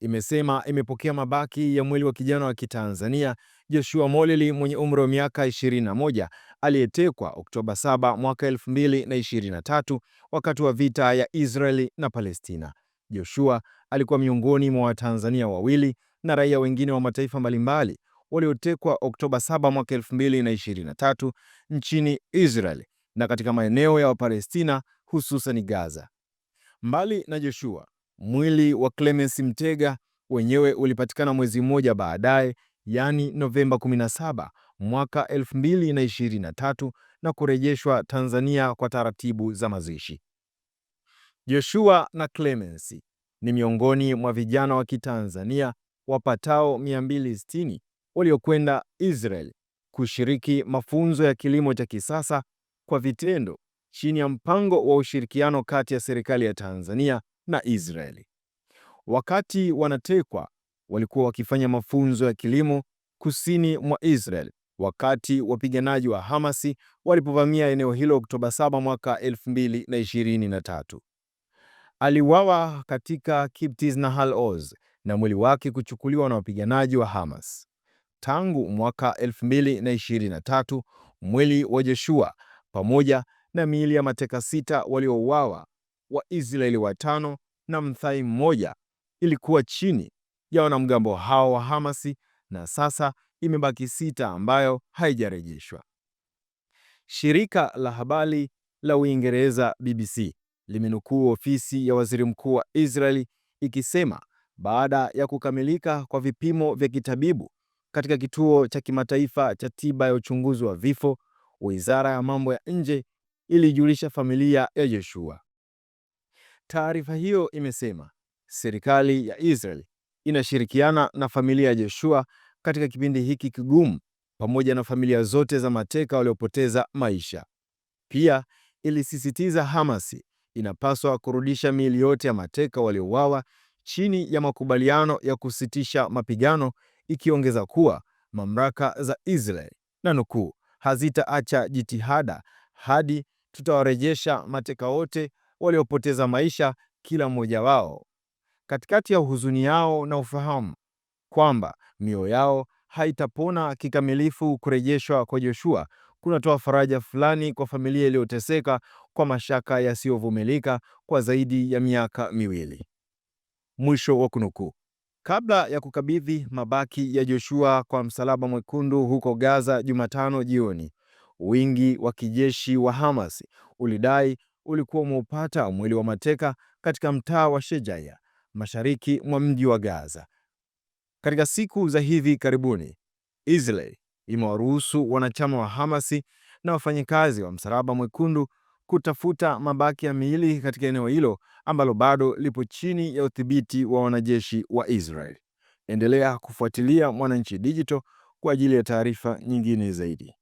imesema imepokea mabaki ya mwili wa kijana wa Kitanzania Joshua moleli mwenye umri wa miaka 21 aliyetekwa Oktoba 7 mwaka 2023 wakati wa vita ya Israeli na Palestina. Joshua alikuwa miongoni mwa Watanzania wawili na raia wengine wa mataifa mbalimbali waliotekwa Oktoba 7 mwaka 2023 nchini Israeli na katika maeneo ya Wapalestina hususan Gaza. Mbali na Joshua, Mwili wa Clemence Mtega wenyewe ulipatikana mwezi mmoja baadaye, yaani Novemba 17 mwaka 2023 na kurejeshwa Tanzania kwa taratibu za mazishi. Joshua na Clemence ni miongoni mwa vijana wa Kitanzania wapatao 260 waliokwenda Israel kushiriki mafunzo ya kilimo cha kisasa kwa vitendo chini ya mpango wa ushirikiano kati ya serikali ya Tanzania na Israeli. Wakati wanatekwa, walikuwa wakifanya mafunzo ya kilimo kusini mwa israeli wakati wapiganaji wa Hamasi walipovamia eneo hilo Oktoba 7 mwaka 2023. Aliwawa katika Kibtis Nahal Oz na mwili wake kuchukuliwa na wapiganaji wa Hamas. Tangu mwaka 2023, mwili wa Joshua pamoja na miili ya mateka sita waliouawa Waisraeli watano na mthai mmoja ilikuwa chini ya wanamgambo hao wa Hamasi na sasa imebaki sita ambayo haijarejeshwa. Shirika la habari la Uingereza BBC limenukuu ofisi ya waziri mkuu wa Israeli ikisema baada ya kukamilika kwa vipimo vya kitabibu katika kituo cha kimataifa cha tiba ya uchunguzi wa vifo, wizara ya mambo ya nje ilijulisha familia ya yeshua Taarifa hiyo imesema serikali ya Israel inashirikiana na familia ya Joshua katika kipindi hiki kigumu pamoja na familia zote za mateka waliopoteza maisha. Pia ilisisitiza Hamasi inapaswa kurudisha miili yote ya mateka waliouawa chini ya makubaliano ya kusitisha mapigano, ikiongeza kuwa mamlaka za Israel na nukuu, hazitaacha jitihada hadi tutawarejesha mateka wote waliopoteza maisha, kila mmoja wao, katikati ya huzuni yao na ufahamu kwamba mioyo yao haitapona kikamilifu. Kurejeshwa kwa Joshua kunatoa faraja fulani kwa familia iliyoteseka kwa mashaka yasiyovumilika kwa zaidi ya miaka miwili. Mwisho wa kunukuu. Kabla ya kukabidhi mabaki ya Joshua kwa Msalaba Mwekundu huko Gaza Jumatano jioni, wingi wa kijeshi wa Hamas ulidai ulikuwa umeupata mwili wa mateka katika mtaa wa Shejaya mashariki mwa mji wa Gaza. Katika siku za hivi karibuni, Israel imewaruhusu wanachama wa Hamasi na wafanyakazi wa Msalaba Mwekundu kutafuta mabaki ya miili katika eneo hilo ambalo bado lipo chini ya udhibiti wa wanajeshi wa Israel. Endelea kufuatilia Mwananchi Digital kwa ajili ya taarifa nyingine zaidi.